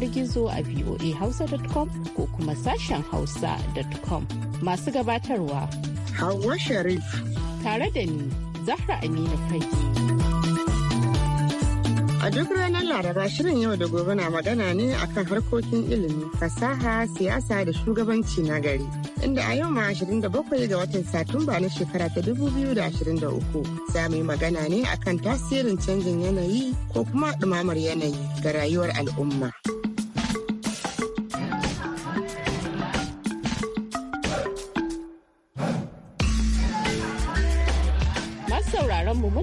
yanar gizo a voahausa.com ko kuma sashen hausa.com. Masu gabatarwa. Hauwa Sharif. Tare da ni, Zahra Aminu kai. A duk ranar Laraba shirin yau da gobe na magana ne akan harkokin ilimi, fasaha, siyasa da shugabanci na gari. Inda a yau ma 27 ga watan Satumba na shekara ta 2023 za mu yi magana ne akan tasirin canjin yanayi ko kuma ɗumamar yanayi ga rayuwar al'umma.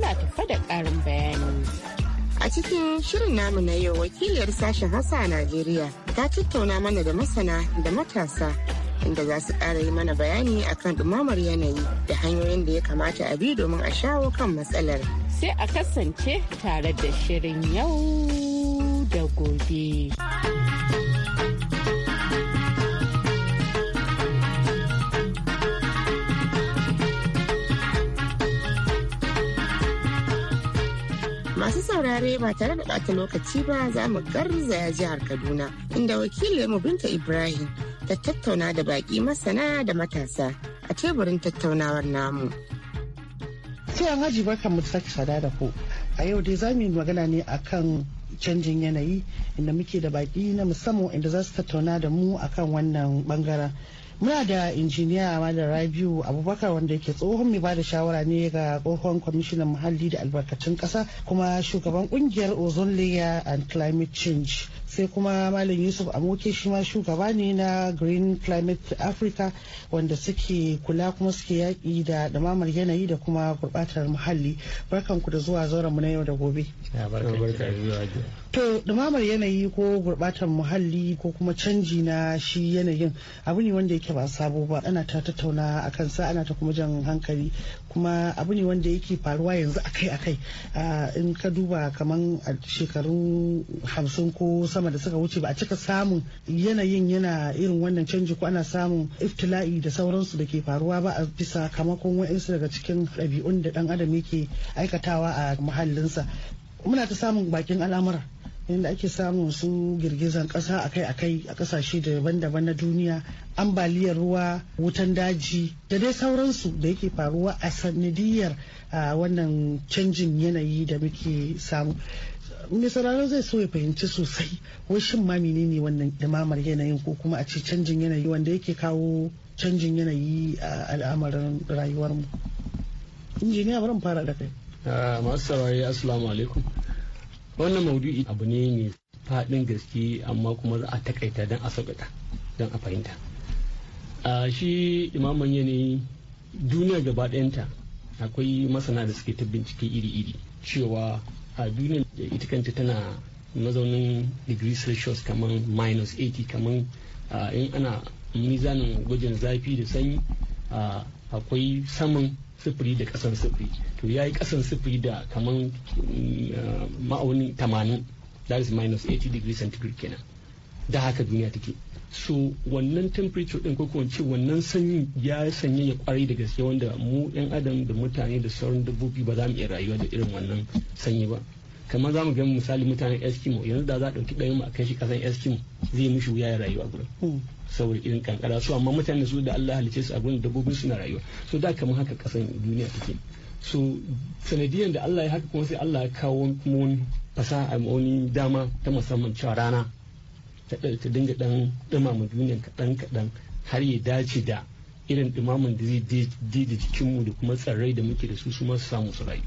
muna tafa da ƙarin bayani. A cikin shirin namu na yau wakiliyar sashen Hausa a Najeriya ta tattauna mana da masana da matasa inda za su ƙara yi mana bayani akan ɗumamar yanayi da hanyoyin da ya kamata a bi domin a shawo kan matsalar. Sai a kasance tare da shirin yau da gobe. saurare ba tare da bata lokaci ba za mu garzaya jihar Kaduna inda mu Binta Ibrahim ta tattauna da baƙi masana da matasa a teburin tattaunawar namu. Sai an haji barkan mu sake sada da ku. A yau dai za mu yi magana ne akan canjin yanayi inda muke da baƙi na musamman inda za su tattauna da mu akan wannan bangaren. muna da injiniya malam rabiu abubakar wanda yake tsohon mai bada shawara ne ga tsohon kwamishinan muhalli da albarkatun kasa kuma shugaban kungiyar ozone layer and climate change sai kuma malam yusuf amoke shi ma shugaba ne na green climate africa wanda suke kula kuma suke yaƙi da ɗumamar yanayi da kuma gurɓatar muhalli barkanku da zuwa zauren mu na yau da gobe to ɗumamar yanayi ko gurɓatar muhalli ko kuma canji na shi yanayin abu ne wanda yake ba sabo ba ana ta tattauna a kansa ana ta kuma jan hankali kuma abu ne wanda yake faruwa yanzu akai-akai in ka duba kamar a shekaru hamsin ko sama da suka wuce ba a cika samun yanayin yana irin wannan canji ko ana samun iftila'i da sauransu da ke faruwa ba a bisa kamakon wa'insu daga cikin ɗabi'un da ɗan adam yake aikatawa a muhallinsa muna ta samun bakin al'amura inda ake samun su girgizan kasa akai-akai a kasashe daban-daban na duniya ambaliyar ruwa wutan daji da dai sauransu da yake faruwa a sanadiyar wannan canjin yanayi da muke samu mai sauraro zai so ya fahimci sosai wai shin ma menene wannan ɗumamar yanayin ko kuma a ce canjin yanayi wanda yake kawo canjin yanayi a al'amarin rayuwarmu injiniya bari fara da kai ah, masu saurari assalamu alaikum wannan maudu'i abu ne mai faɗin gaske amma kuma za a takaita don a sauƙaƙa don a fahimta a shi imaman yanayi duniya gaba ɗayanta akwai masana da suke ta bincike iri-iri cewa a duniya ita kanta tana mazaunin degree celsius kamar minus 80 kamar in ana mizanin gwajin zafi da sanyi akwai saman sifiri da kasan sifiri to ya yi kasan sifiri da kamar mm, ma'auni 80 that is minus 80 degrees centigrade kenan da haka duniya take so wannan temperature din ko ce wannan sanyi ya sanya ya kwarai da gaske wanda mu yan adam da mutane da sauran dabbobi ba za mu iya rayuwa da irin wannan sanyi ba kamar za mu ga misali mutanen eskimo yanzu da za a ɗauki ɗayan mu a kai shi ƙasan eskimo zai mishi wuya ya rayuwa gurin hmm. saboda irin kankara su amma mutane su da Allah halice su a gurin dabbobin suna rayuwa su da kamar haka ƙasan duniya take so sanadiyan da Allah ya haka kuma sai Allah ya kawo kuma wani fasaha a wani dama ta musamman cewa rana ta dinga ɗan ɗumama duniya kaɗan kaɗan har ya dace da irin ɗumaman da zai daidai jikinmu da kuma tsirrai da muke da su su masu samu su rayu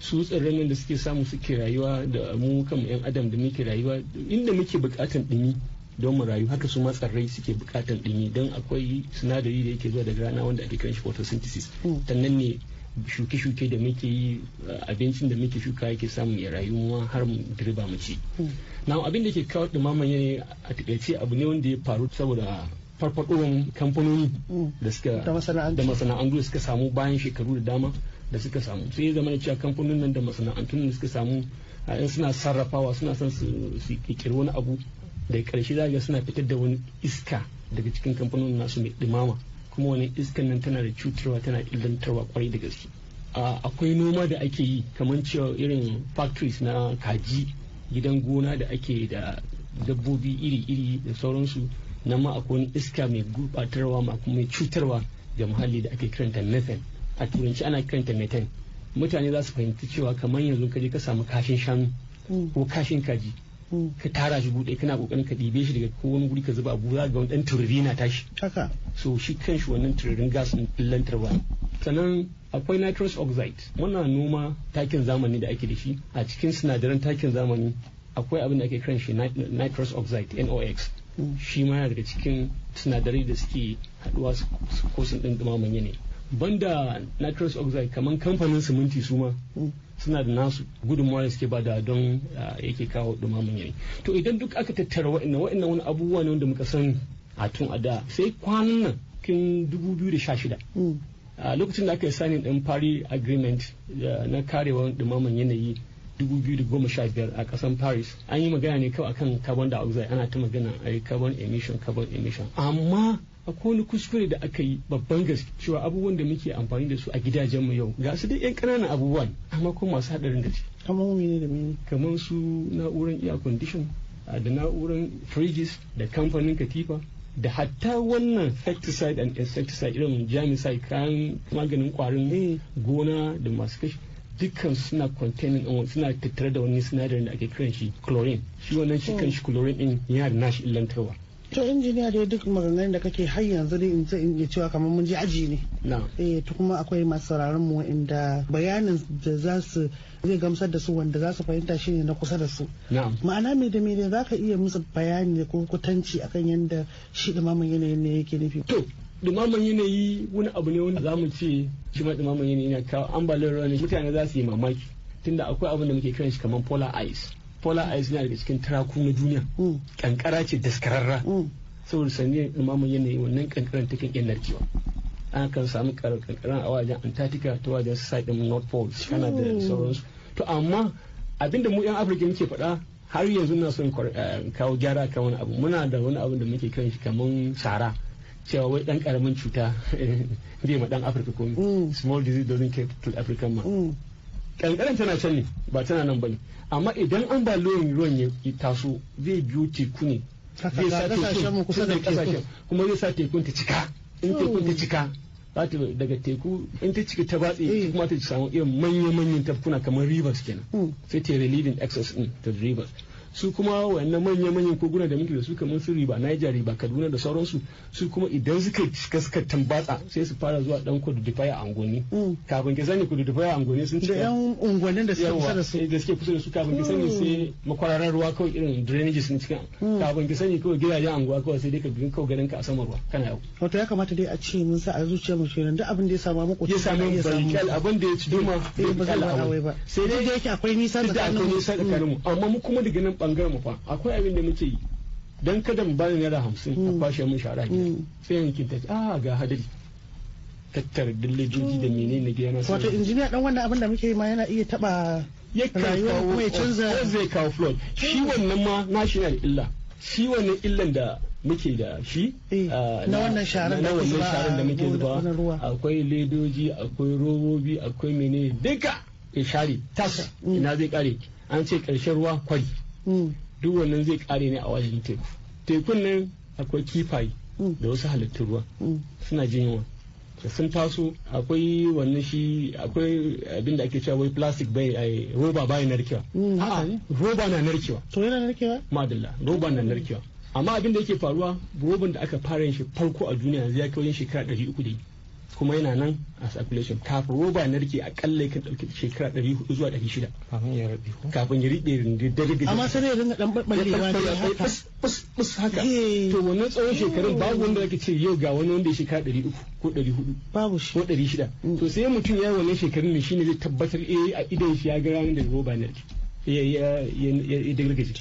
su tsirran da suke samu suke rayuwa da mu kan yan adam da muke rayuwa inda muke bukatan dumi don mu rayu haka su ma tsirrai suke bukatan dumi don akwai sinadari da yake zuwa daga rana wanda ake kiran shi photosynthesis mm. tannan ne shuke-shuke da muke yi eh, abincin da muke shuka yake samun ya rayuwa har mu girba mu ci mm. na abin da ke kawo dumaman yanayi a takaice abu ne wanda ya faru saboda farfadowar kamfanoni mm. da masana'antu da suka samu bayan shekaru da dama da suka samu sai ya zama cewa kamfanin nan da masana'antun da suka samu a in suna sarrafawa suna son su kirkiri wani abu da karshe za ga suna fitar da wani iska daga cikin kamfanin nasu mai dumama kuma wani iskan nan tana da cutarwa tana illantarwa kwarai da gaske akwai noma da ake yi kamar cewa irin factories na kaji gidan gona da ake da dabbobi iri-iri da sauransu nan ma akwai iska mai gurbatarwa mai cutarwa ga muhalli da ake kiranta methane a turanci ana kiranta metan mutane za su fahimci cewa kamar yanzu ka je ka samu kashin shanu mm. ko kashin kaji mm. ka tara shi buɗe kana kokarin ka ɗibe shi daga kowane guri ka zuba abu za ga wani dan turiri na tashi haka so shi kanshi wannan turirin gas din lantarwa sannan akwai nitrous oxide muna noma takin zamani da ake da shi a cikin sinadaran takin zamani akwai abin da ake kiran shi nitrous oxide NOx mm. shi ma daga cikin sinadarai da suke haɗuwa ko sun ɗin ɗumaman ne. banda nitrous oxide kamar kamfanin siminti suma ma hmm. suna da nasu gudunmawa da suke ba da don ah, yake kawo dumamin yanayi to idan duk aka tattara wa'annan wa'annan wani abubuwa ne wanda muka san a tun a da sai kwanan nan kin 2016 hmm. a ah, lokacin da aka yi sanin din paris agreement na karewa dumamin yanayi 2015 a kasan paris an yi magana ne kawai akan carbon dioxide ana ta magana a carbon emission carbon emission amma akwai wani kuskure da aka yi babban gaske cewa abubuwan da muke amfani da su a gidajenmu yau ga su dai yan ƙananan abubuwan amma kuma masu haɗarin gaske kamar ne da mene kamar su na'urar air condition da na'uran fridges da kamfanin katifa da hatta wannan pesticide and insecticide irin jamisai kayan maganin kwarin eh. gona da masu kashi dukkan suna containing din um, suna tattare da wani sinadarin da ake kiran shi chlorine shi wannan shi oh. kan shi chlorine din yana da nashi illantarwa to injiniya dai duk maganganun da kake har yanzu ne in in cewa kamar mun je aji ne eh to kuma akwai masu sauraron mu inda bayanin da za su zai gamsar da su wanda za su fahimta shine na kusa da su ma'ana me da me da zaka iya musu bayani ko kutanci akan yanda shi dumamin ne yake nufi to dumaman yanayi wani abu ne wanda zamu ce shi ma dumaman yanayi ne kawo ambaliyar ruwa ne mutane za su yi mamaki tunda akwai abin da muke kiran shi kamar polar ice polar ice na daga cikin taraku na duniya mm. kankara ce daskararra mm. saboda sanyi ɗumamin yanayi wannan kankaran take iya narkewa an kan samu kankaran a wajen antarctica ta wajen side north pole Kana da mm. sauransu to amma abinda mu yan afirka muke faɗa har yanzu na son eh, kawo gyara kan wani abu muna da wani abu da muke kiran shi kamar sara cewa wai dan karamin cuta bai ma dan afirka komai. small disease doesn't care to african man kankaran tana can ne ba tana nan bane amma idan an ba loyin ruwan ya taso zai biyo teku ne zai sa tekun kuma zai sa tekun ta cika in tekun ta cika za ta daga teku in ta cika ta batse eh. kuma ta samu irin manya-manyan tafkuna kamar rivers kenan hmm. sai ta yi relieving access din ta rivers su kuma wannan manya-manyan koguna da muke da su kamar su riba niger riba kaduna da sauransu su kuma idan suka shiga suka tambatsa sai su fara zuwa dan kudu da faya angoni mm. kafin ke sani kudu da faya angoni sun cika da yan ungwanin da suke kusa da su eh, da suke kusa da su kafin ke sani mm. sai makwararan ruwa kawai irin drainage sun cika mm. kafin ke sani kawai gidajen anguwa kawai sai dai ka bin kawai ganinka ka a saman ruwa kana yau wato ya kamata dai a ce mun sa a zuciya mu shirin duk abin da ya samu muku ya samu barkal abin da ya ci eh, duma ba sai dai da yake akwai nisa tsakanin mu amma mu kuma daga nan bangaren mu fa akwai abin da muke yi dan kada mu bani naira hamsin a hmm. kwashe mun shara gida hmm. sai yankin ta ce a ga hadari tattara dillajoji da hmm. menene gida na wato injiniya dan wannan abin da muke yi ma yana iya taba Ya kuma ya canza zai kawo flood shi wannan ma national illa shi wannan illan da muke da shi eh, ah, na wannan sharan da muke zuba akwai ledoji akwai robobi akwai menene duka ya share tas ina zai kare an ce karshen ruwa kwari duk wannan zai kare ne a wajen teku tekun nan akwai kifaye da wasu halittun ruwa suna jin yunwa da sun taso akwai wannan shi akwai abin da ake cewa wai plastic bai ai eh, roba bai narkewa hmm. a'a roba na narkewa to yana narkewa madalla roba na narkewa amma abin da yake faruwa roban da aka fara yin shi farko a duniya yanzu ya kai wajen shekara 300 da kuma yana nan a circulation kafin roba narke rike akalla yakan dauki shekara 400 zuwa 600 kafin ya rabe kafin ya da amma sai ya rinka dan barbarewa ne haka bus bus haka eh. to wani tsawon shekarun babu wanda zaka ce yau ga wani wanda ya shekara 300 ko 400 babu shi ko 600 mm. to sai mutum ya yi wannan shekarun ne shine zai tabbatar eh a idan shi ya ga ranar da roba narke. Ya ya ya ya dagirgaje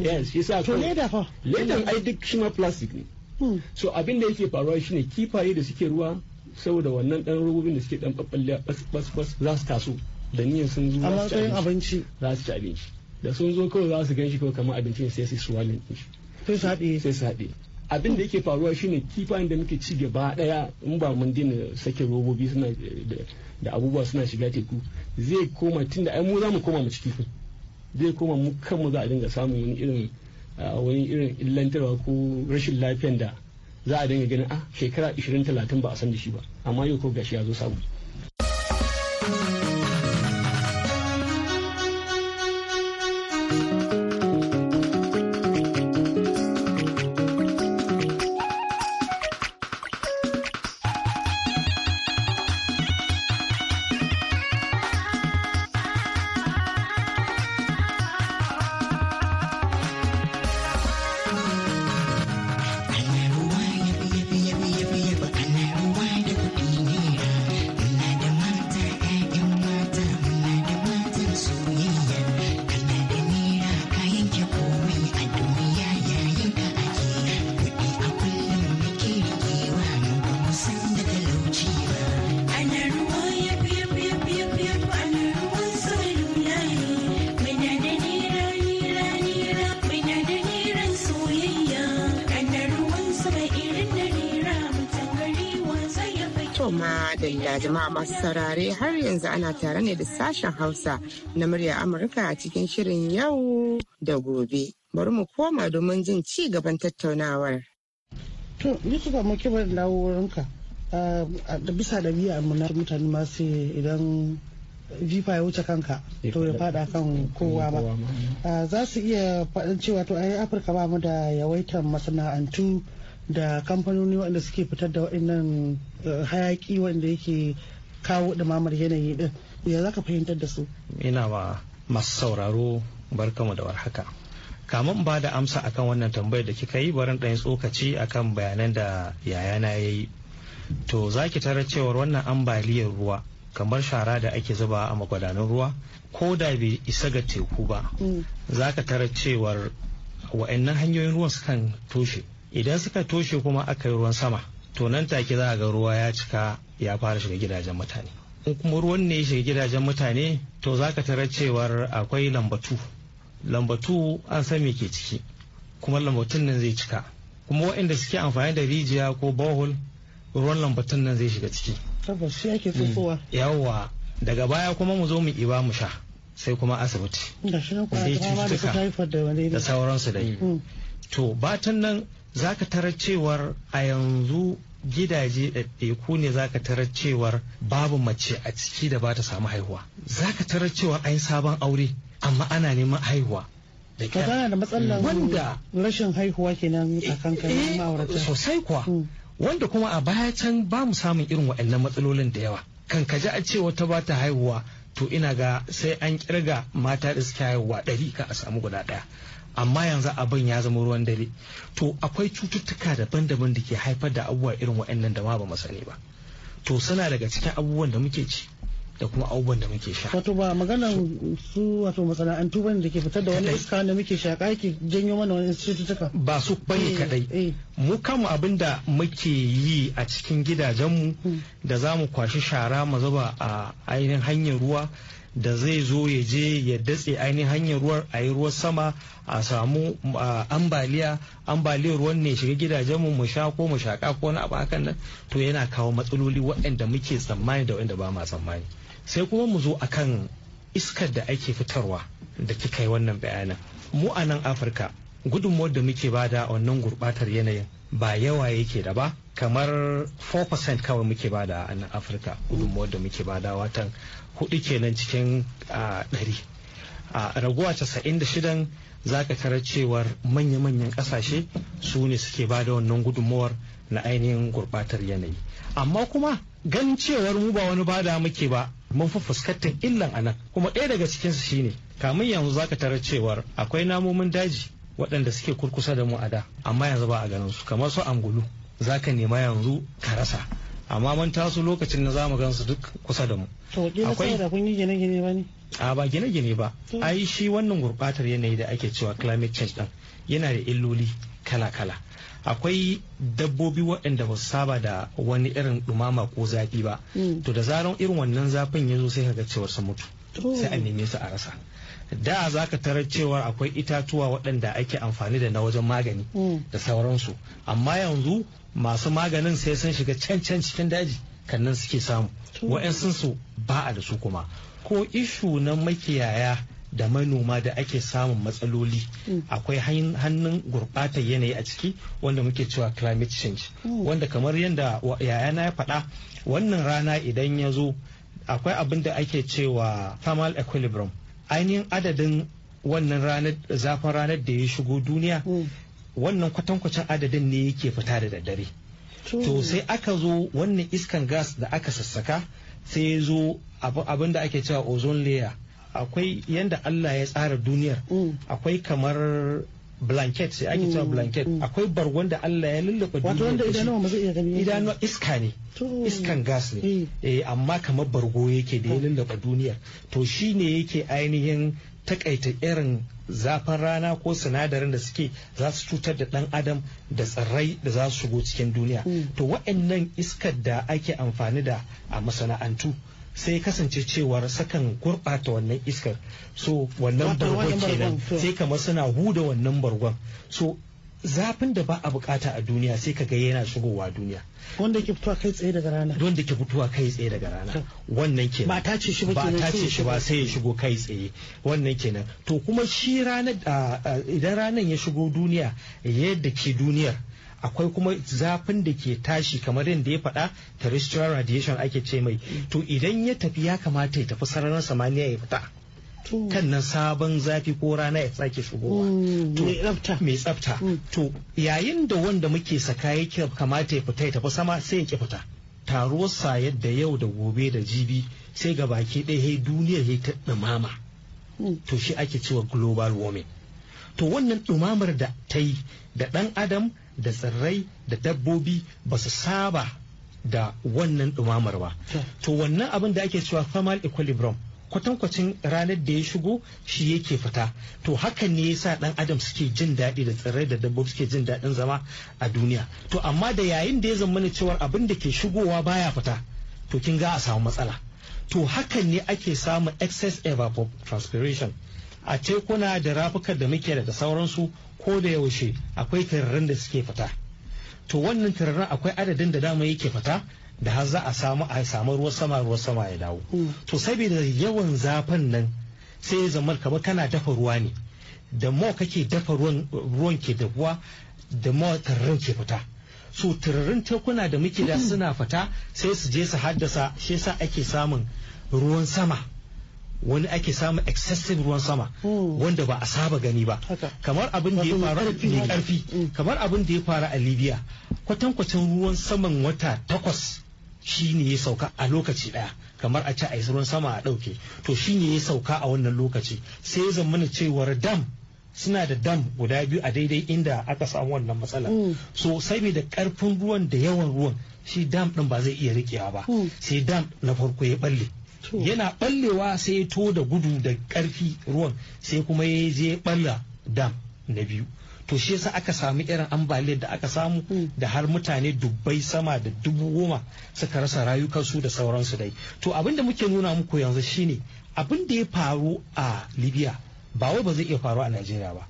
yes yasa to leda fa ledan ai duk shi ma plastic ne mm. so abin da yake faruwa shine kifaye da suke ruwa saboda wannan dan rububin da suke dan babballe bas bas za su taso da niyan sun zo za su ci abinci za su ci abinci da sun zo kawai za su ganshi kawai kamar abincin sai su swalin shi sai su haɗe sai su haɗe abin da yake faruwa shine kifayen da muke ci gaba daya in ba mun dina sake robobi suna da abubuwa suna shiga teku zai koma tunda ai mu za mu koma mu ci kifin zai koma mu kanmu za a dinga samun wani irin ah, wani irin illantarwa ko rashin lafiyan da za a dinga ganin a ah, shekara 20 30 ba a san da shi ba amma yau ko gashi ya zo samu da jama'a masu saurare har yanzu ana tare ne da sashen Hausa na murya Amurka a cikin shirin yau da gobe. Bari mu koma domin jin ci gaban tattaunawar. To, ni Yusufa muke kibar dawo wurinka. Ah, a bisa da biya mu na mutane masu idan jifa ya wuce kanka to ya fada kan kowa ba. Ah, za su iya faɗin cewa to ai Afirka ba mu da yawaitar masana'antu da kamfanoni waɗanda suke fitar da wa'annan eh, hayaki wanda yake kawo ɗumamar yanayi din ya za ka fahimtar da su ina ba masu sauraro barkamu da warhaka kamun ba da amsa akan wannan tambayar da kika yi barin ɗayan tsokaci akan bayanan da yayana ya yi to za ki tarar cewar wannan ambaliyar ruwa kamar shara da ake zuba a magudanan ruwa ko da bai isa ga teku ba mm. za ka tarar cewar wa'annan hanyoyin ruwan sukan toshe idan suka toshe kuma aka yi ruwan sama to nan take za a ga ruwa ya cika ya fara shiga gidajen mutane in kuma ruwan ne ya shiga gidajen mutane to za ka tarar cewar akwai lambatu lambatu an san me ke ciki kuma lambatun nan zai cika kuma waɗanda suke amfani da rijiya ko bohol ruwan lambatun nan zai shiga ciki tabbas mm. daga baya kuma mu zo mu iba mu sha sai kuma asibiti sai cututtuka da sauransu dai mm. to batan nan zaka ka tarar cewar a yanzu gidaje da ɗaiɗaiku ne zaka ka tarar cewar babu mace a ciki da ba ta samu haihuwa za tarar cewar an yi sabon aure amma ana neman haihuwa da kana da matsalar wanda rashin haihuwa kenan a eh, kankan eh, ma'aurata sosai kuwa hmm. wanda kuma a baya can ba mu samun irin waɗannan matsalolin da yawa kan ka ji a ce wata ba ta haihuwa to ina ga sai an kirga mata da suke haihuwa ɗari ka a samu guda ɗaya amma yanzu abin ya zama ruwan dare to akwai cututtuka daban-daban da ke haifar da abubuwa irin waɗannan da ma ba mu sani ba to suna daga cikin abubuwan da muke ci da kuma abubuwan da muke sha. Wato ba maganan su wato masana'antu bane da ke fitar da wani iska da muke sha yake janyo mana wani cututtuka. Ba su bane eh, kadai. Eh. Mu kanmu abin da muke yi a cikin gidajenmu hmm. da za mu kwashi shara mu zuba a ainihin hanyar ruwa da zai zo ya je ya datse ainihin hanyar ruwan a yi ruwan sama a samu ambaliya ambaliyar ruwan ne shiga gidajenmu mu sha ko mu shaka ko wani abu hakan nan to yana kawo matsaloli waɗanda muke tsammani da waɗanda ba ma tsammani sai kuma mu zo akan iskar da ake fitarwa da kika yi wannan bayanan mu a nan afirka gudunmuwar da muke bada wannan gurbatar yanayin ba yawa yake da ba kamar 4% kawai muke bada a nan afirka gudunmuwar da muke bada watan hudu kenan cikin ah, ɗari a ah, raguwa casa'in da shidan za ka tarar cewar manya-manyan ƙasashe su ne suke ba da wannan gudunmawar na ainihin gurbatar yanayi amma kuma ganin cewar mu ba wani bada muke ba mun fi fuskantar illan anan kuma ɗaya daga cikinsu shine kamun yanzu za ka tara cewar akwai namomin daji waɗanda suke kurkusa da mu a da amma yanzu ba a ganin su kamar su angulu ka nema yanzu ka rasa amma mun taso lokacin na zamu gansu duk kusa da mu to kila da kun yi gine-gine ba ne a ba gine-gine ba ai shi wannan gurbatar yanayi da ake cewa climate change din yana da illoli kala-kala akwai dabbobi waɗanda ba su saba da wani irin dumama ko zafi ba mm. to da zaran irin wannan zafin ya zo sai ka ga cewar su mutu sai a neme su a rasa da za ka tarar cewa akwai itatuwa waɗanda ake amfani da na wajen magani mm. da sauransu amma yanzu masu maganin sai sun shiga can can cikin daji kannan suke samu wa'yansu su ba a da su kuma ko ishu na makiyaya da manoma da ake samun matsaloli mm. akwai hannun gurbatar yanayi a ciki wanda muke cewa climate change mm. wanda kamar yadda yayana ya faɗa wannan rana idan ya zo akwai abin da ake cewa thermal equilibrium ainihin adadin wannan ranar zafin ranar da ya shigo duniya mm. wannan kwatankwacin adadin ne yake fita da daddare to sai aka zo wannan iskan gas da aka sassaka sai zo abinda ake cewa ozone layer akwai yadda Allah ya tsara duniyar mm. akwai kamar blanket sai ake cewa mm. blanket mm. akwai bargon da Allah ya lullaba duniyar wato wanda idanuwa zai iya gani idanuwa iska ne iskan gas ne eh amma kamar bargo yake da ya lullaba duniyar to shi shine yake ainihin takaita irin zafin rana ko sinadarin da suke za su cutar da dan adam da tsirrai da za su shigo cikin duniya mm. to wa'annan iskar da ake amfani da a masana'antu sai kasance cewar sakan gurɓata wannan iskar so wannan bargon kenan sai kamar suna huda wannan bargon so zafin da ba a bukata a duniya sai ka ga yana shigowa duniya wanda ke fitowa kai tsaye daga rana wanda ke fitowa kai tsaye daga rana wannan kenan ba ta ce shi ba ba ta ce shi ba sai ya shigo kai tsaye wannan kenan to kuma shi ranar idan ranar ya shigo duniya yadda ke duniyar akwai kuma zafin da ke tashi kamar yadda ya faɗa terrestrial radiation ake ce mai mm. to idan ya tafi ya kamata ya tafi sararin samaniya ya fita kan nan sabon zafi ko rana ya sake shigowa mm. mai tsafta mm. to yayin da wanda muke saka yake kamata ya fita ya tafi sama sai ya ki fita sa yadda yau da gobe da jibi sai ga baki ɗaya duniya ya ta dumama mm. to shi ake cewa global warming to wannan ɗumamar da ta yi da dan adam da tsirrai da dabbobi ba su saba da wannan ɗumamar ba to wannan abin da ake cewa thermal equilibrium kwatankwacin ranar da ya shigo shi yake fita to hakan ne yasa dan adam suke jin daɗi da tsirrai da dabbobi suke jin daɗin zama a duniya to amma da yayin da ya zama cewar abin da ke shigowa baya fita to kin ga a samu matsala to hakan ne ake samun excess evapotranspiration a tekuna da rafukan da muke da sauransu ko da yaushe akwai tararren da suke fita to wannan tararren akwai adadin da dama yake fita da har za a samu a samu ruwan sama ruwan sama ya dawo hmm. to saboda yawan zafin nan sai zama kamar kana dafa ruwa ne da mo kake dafa ruwan ke dafuwa da mo tarrin ke fita so tarrin tekuna da muke da suna fita sai su je su haddasa shi yasa ake samun ruwan sama wani ake samun excessive ruwan sama hmm. wanda ba a saba gani ba kamar abin da ya faru a karfi hmm. kamar abin da ya faru a libya kwatankwacin ruwan saman wata takwas shi ne ya sauka a lokaci ɗaya kamar a ci a ruwan sama a ɗauke to shi ne ya sauka a wannan lokaci sai ya zamana cewar dam suna da dam guda biyu a daidai inda aka samu wannan matsala mm. so da karfin ruwan da yawan ruwan shi dam ɗin ba zai iya riƙewa ba mm. sai dam na farko ya balle yana ballewa sai ya to da gudu da karfi ruwan sai kuma ya je balla dam na biyu to shi yasa aka samu irin ambaliyar da aka samu hmm. da har mutane dubbai sama da dubu goma suka rasa rayukansu da sauransu dai to abin da muke nuna muku yanzu shine abin da ya faru a libya ba wai ba zai iya faru a najeriya ba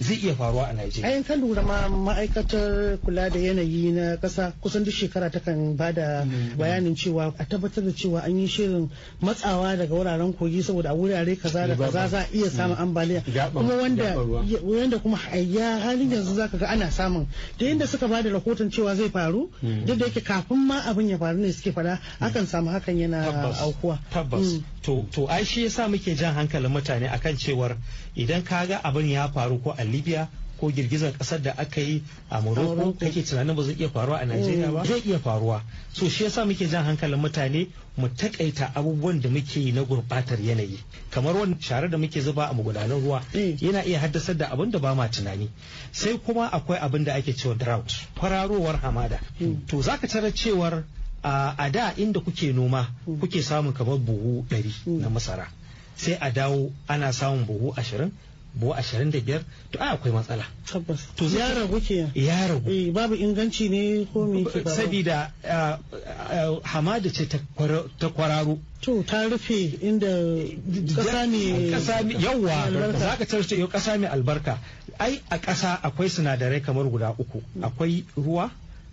zai iya faruwa a Najeriya. a ka lura ma ma'aikatar kula da yanayi na kasa kusan duk shekara ta kan ba da mm. bayanin cewa a tabbatar da cewa an yi shirin matsawa daga wuraren kogi saboda a wurare kaza da kaza za a iya mm. samun ambaliya kuma wanda kuma ya halin yanzu zaka ga ana samun da yadda suka ba da rahoton cewa zai faru mm. duk da yake kafin ma abin ya faru ne suke fada akan samu hakan yana aukuwa. Tabbas. To to ai shi yasa muke jan hankalin mutane akan cewar idan ka ga abin ya faru ko a libya ko girgizar kasar da aka yi a morocco kake tunanin ba zai iya faruwa a najeriya ba mm. zai iya faruwa so shi yasa muke jan hankalin mutane mu takaita abubuwan da muke yi na gurbatar yanayi kamar wani share da muke zuba a magudanan ruwa mm. yana iya haddasar da abin da ba ma tunani sai kuma akwai abin da ake cewa drought kwararowar hamada mm. to zaka tarar cewar a da inda kuke noma kuke samun kamar buhu ɗari na masara sai a dawo ana samun buhu ashirin Bo ashirin da biyar to a akwai matsala. Tabbas. To ya ragu ke. Eh, ya ragu. Babu inganci ne ko me ke ba. saboda eh, eh, hamada ce ta kwararo. To ta rufe inda kasa ne. kasa yawa za ka tarce yau kasa mai albarka. Ai a kasa akwai sinadarai kamar guda uku mm. akwai ruwa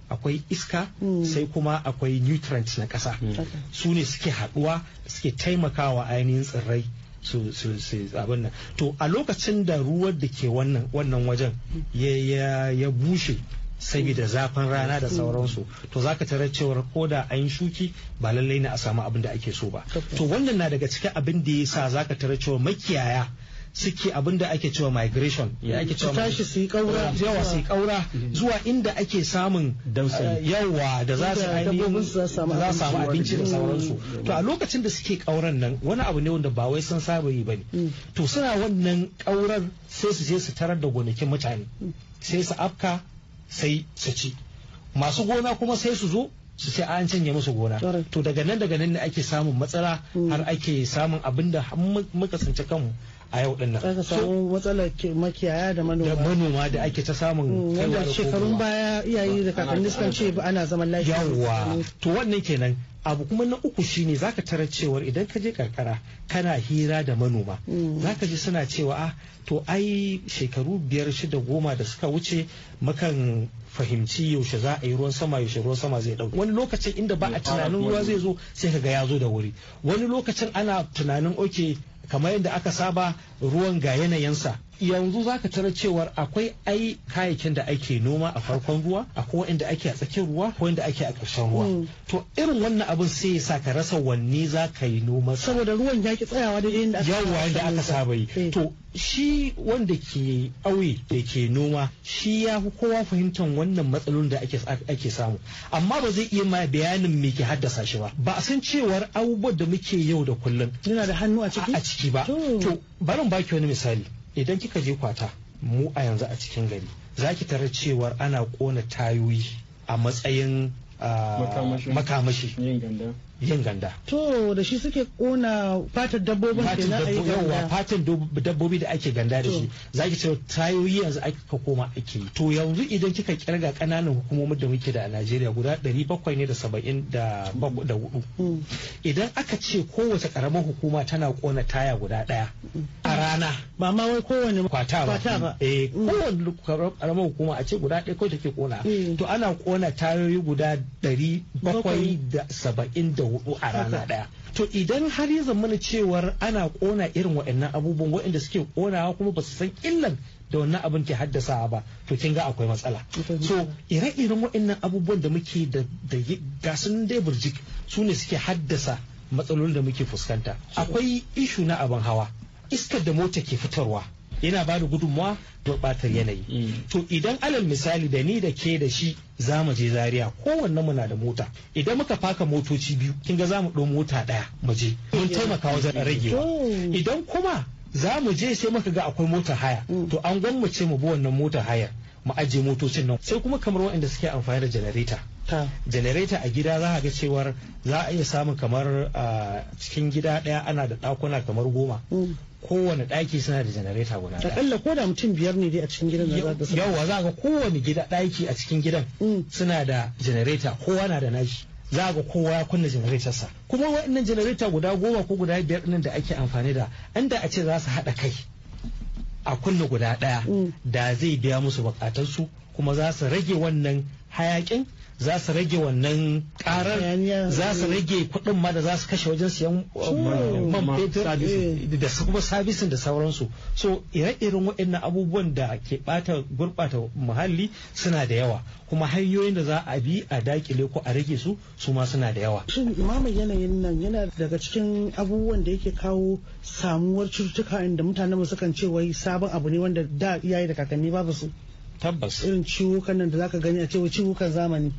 akwai iska mm. sai kuma akwai nutrients na kasa. Mm. su ne suke haɗuwa suke taimakawa ainihin tsirrai su su abin nan to a lokacin da ruwan da ke wannan wannan wajen ya ya ya bushe saboda zafin rana da sauransu to zaka tarar cewar ko da an shuki ba lallai ne a samu abin da ake so ba to wannan na daga cikin abin da ya sa zaka tarar cewa makiyaya suke abin da ake cewa migration ya ake cewa tashi su yi kaura yawa su yi kaura zuwa inda ake samun eh, yawa da za su ainihin za samu abinci da sauransu to a lokacin da suke kauran nan wani abu ne wanda ba wai sun saba yi bane mm. to suna wannan kaurar sai su je su tarar da gonakin mutane mm. sai su afka sai su ci masu gona kuma sai su zo su sai an canje musu gona to daga nan daga nan ne ake samun matsala mm. har ake samun abin da muka tsinci kanmu a yau ɗin nan ka samu matsalar makiyaya da manoma da manoma da ake ta samun mm, Kaiwa da wanda shekarun baya iyaye da kakanni sukan ce ana zaman lafiya Yawwa to wannan kenan abu kuma na uku shine zaka tarar cewar idan ka je karkara kana hira da manoma mm. zaka ji suna cewa a ah, to ai shekaru biyar shida goma da suka wuce makan fahimci yaushe za a yi ruwan sama yaushe ruwan sama zai dauki wani lokacin inda ba a tunanin ruwa zai zo sai ka ga ya zo da wuri wani lokacin ana tunanin oke kamar yadda aka saba ruwan ga yanayinsa yanzu zaka tara cewar akwai ai kayayyakin da ake noma a farkon ruwa akwai wanda ake a tsakiyar ruwa ko wanda ake a ƙarshen ruwa mm. to irin wannan abin sai ya sa ka rasa wanne za ka yi noma saboda ruwan ya ki tsayawa da inda aka yawa da aka saba yi eh. to shi wanda ke auye da ke noma shi ya fi kowa fahimtar wannan matsalolin da ake samu amma ba zai iya ma bayanin me ke haddasa shi ba ba a san cewar abubuwan da muke yau da kullum yana da hannu a ciki a ciki ba to barin baki wani misali idan kika je kwata mu a yanzu a cikin gari za ki tarar cewar ana kona tayoyi a matsayin ah, makamashi yin ganda. To da shi suke kona fatan dabbobin ke na ayi ganda. fatan dabbobi da ake ganda da shi. Za ki ce tayoyi yanzu aka koma ake yi. To yanzu idan kika kirga kananan hukumomin da muke da a Najeriya guda ɗari bakwai ne da saba'in da hudu. Mm. Idan aka ce kowace karamar hukuma tana kona taya guda daya. a mm. rana. Ba ma wai kowane kwata ba. Eh mm. kowane karamar hukuma a ce guda daya kawai take kona. To ana kona tayoyi guda 770 bakwai da saba'in da hudu a rana daya to idan har ya zamana cewar ana kona irin waɗannan abubuwan waɗanda suke konawa kuma ba su san illan da wannan abin ke haddasa ba to kin ga akwai matsala so ire-iren waɗannan abubuwan da muke da gasun dai burjik su ne suke haddasa matsalolin da muke fuskanta akwai ishu na abin hawa iskar da mota ke fitarwa yana ba da gudunmuwa gurɓatar mm. yanayi mm. to idan alal misali da ni da ke da shi za mu je zaria kowanne muna da mota idan muka faka motoci biyu kin ga za mu ɗau mota ɗaya mu je mun taimaka wajen mm. ragewa oh. idan kuma za mu je sai muka ga akwai mota haya to an gwammace mu bi wannan mota haya mu ajiye motocin nan sai kuma kamar waɗanda suke amfani da janareta janareta a gida za a ga cewar za a iya samun kamar ah, cikin gida ɗaya ana da ɗakuna kamar goma kowane ɗaki suna da janareta guda ɗaya. Akalla ko da mutum biyar ne dai a cikin gidan da za ta Yawwa za ga kowane gida ɗaki a cikin gidan mm. suna da janareta kowa na da nashi. Za ga kowa ya kunna sa. Kuma waɗannan janareta guda goma ko guda biyar ɗin da ake amfani da inda a ce za su haɗa kai a kunna guda ɗaya mm. da zai biya musu su. kuma za su rage wannan hayakin za su rage wannan karar za su rage kuɗin ma da za su kashe wajen siyan uh, man fetur eh, da su kuma sabisin da sauransu so ire-iren waɗannan abubuwan da ke bata gurɓata muhalli suna da yawa kuma hanyoyin da za a bi a dakile ko a rage su su ma suna da yawa shin imamu yanayin nan yana daga cikin abubuwan da yake kawo samuwar cututtuka inda mutane masu kan ce wai sabon abu ne wanda da iyaye da kakanni babu su tabbas irin ciwukan nan da zaka gani a cewa ciwukan zamani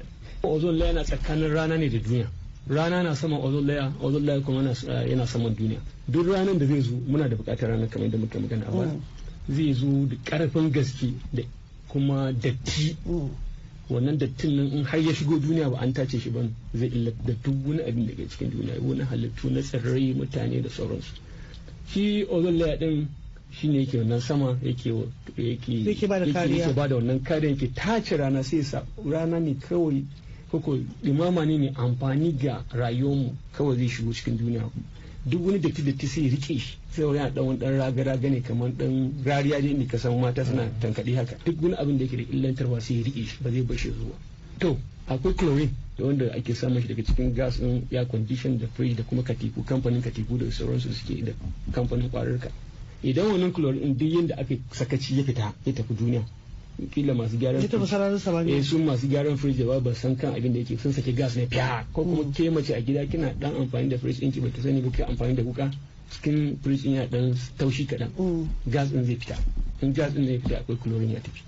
ozon layer na tsakanin rana ne da duniya rana na saman ozon layer ozon layer kuma eh, yana saman duniya duk ranar da zai zo muna da bukatar rana kamar yadda muka magana a mm. zai zo da karfin gaske da kuma datti mm. wannan dattin nan in har ya shigo duniya ba an tace shi ba zai illata da duk wani abin da ke cikin duniya wani halittu na tsirrai mutane da sauransu shi ozon layer din shi ne yake wannan sama yake yake ba da wannan kariya yake tace rana sai sa rana ne kawai koko limama ne mai amfani ga rayuwarmu kawai zai shigo cikin duniya duk wani datti datti sai rike shi sai wani a ɗan dan raga raga ne kamar ɗan rariya ne ka san mata suna tankaɗe haka duk wani abin da yake da illantarwa sai rike shi ba zai bar zuwa to akwai chlorine da wanda ake samun shi daga cikin gas din ya condition da fridge da kuma katiku kamfanin katiku da sauransu suke da kamfanin kwararka idan wannan chlorine din yadda aka sakaci ya fita ya tafi duniya kila masu gyaran eh sun masu gyaran fridge ba ba san kan abin da yake sun saki gas ne fiya ko kuma mm. ke mace a gida kina dan amfani da fridge ɗinki ba ta sani ba ke amfani da kuka. cikin fridge din ya dan taushi kaɗan mm. gas din zai fita in gas din zai fita akwai chlorine ya tafi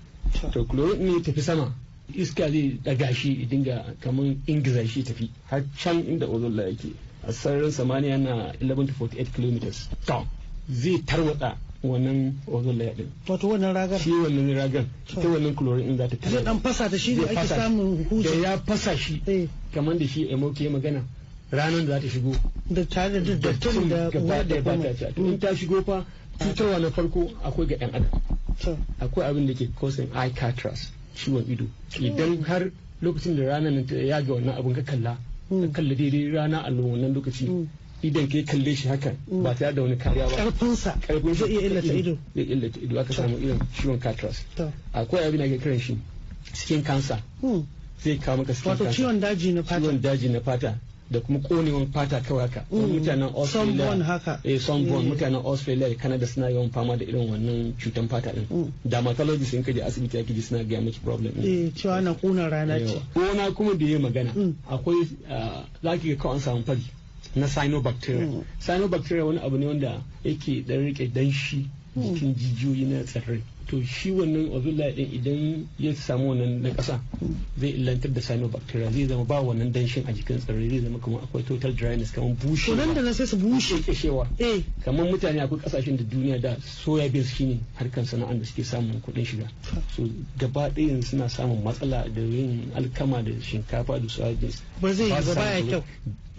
to chlorine ne ya tafi sama iska zai daga shi dinga kamar ingiza shi tafi har can inda ozon la yake a sararin samaniya na 1148 kilometers to zai tarwatsa wannan ozon layer din wato wannan ragar shi wannan ragar ita wannan chlorine din za ta Zai dan fasa ta shi ne ake samun hutu da ya fasa shi eh. kamar da shi ya magana ranar da za ta shigo da tare da dattin da gaba da ba ta in ta shigo fa cutarwa na farko akwai ga 'yan adam akwai abin da ke causing eye cataract ciwon ido idan har lokacin da ranar ya ga wannan abin ka kalla ka hmm. kalla daidai rana a wannan lokaci hmm. idan ka kalle shi haka ba mm. tare da wani kariya ba karfinsa karfin zai iya illata ido zai illata ido aka samu irin ciwon cataract akwai abin da ke kiran shi skin cancer hmm. zai kawo maka skin cancer wato ciwon daji na fata ciwon daji na fata da kuma konewan fata kawai haka hmm. mutanen australia haka eh sunburn eh. mutanen australia da canada suna yawan fama da irin wannan cutan fata din hmm. dermatologist in kaje asibiti ya kiji suna ga maki problem din eh cewa na kuna rana ce eh, na kuma da yayi magana akwai ah, zaki ga kawai an samu fari na cyanobacteria hmm. cyanobacteria wani abu ne wanda yake dan rike danshi jikin hmm. jijiyoyi na tsirrai to shi wannan ozula din idan ya samu wannan na ƙasa hmm. zai illantar da cyanobacteria zai zama ba wannan danshin a jikin tsirrai zai zama kamar akwai total dryness kaman bushe to nan da na sai su bushe kishewa eh. kamar mutane akwai kasashen da duniya da soya beans shine harkan sana'ar da suke samun kuɗin shiga so gaba ɗayan suna samun matsala da yin alkama da shinkafa da soya beans ba zai ba ya kyau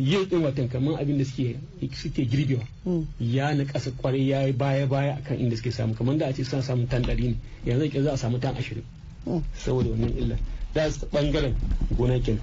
yield din watan kamar abin da suke girbewa hmm. ya na ƙasa kwarai ya yi baya baya akan inda suke samu kamar da a ce suna samun tan ɗari ne yanzu ke za a samu tan ashirin hmm. saboda wannan illa da bangaren gona kenan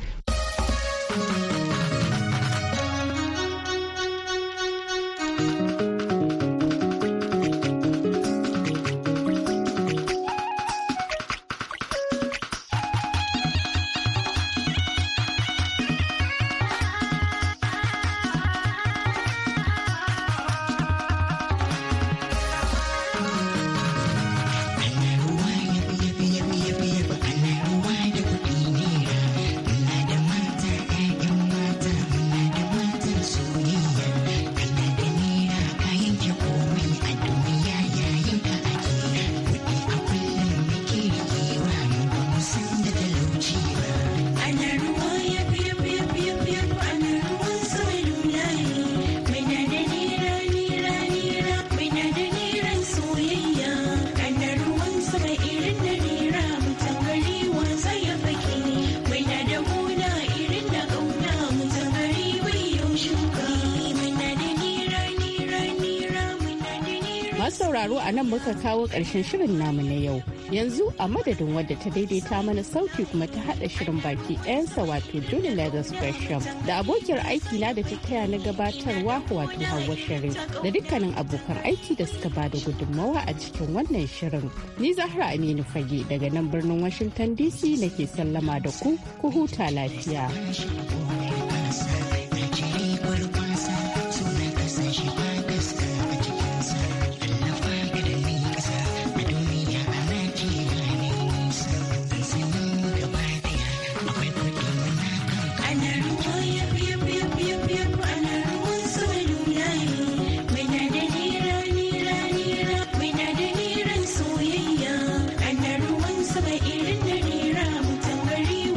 Masu sauraro a nan muka kawo ƙarshen shirin namu na yau. Yanzu a madadin wadda ta daidaita mana sauti kuma ta haɗa shirin baki ɗayansa wato Juni Lagos Gresham da abokiyar aiki na da ta kaya na gabatarwa wato Hauwa shirin da dukkanin abokan aiki da suka ba da gudunmawa a cikin wannan shirin. Ni Zahra Aminu Fage daga nan birnin Washington DC nake sallama da ku ku huta lafiya.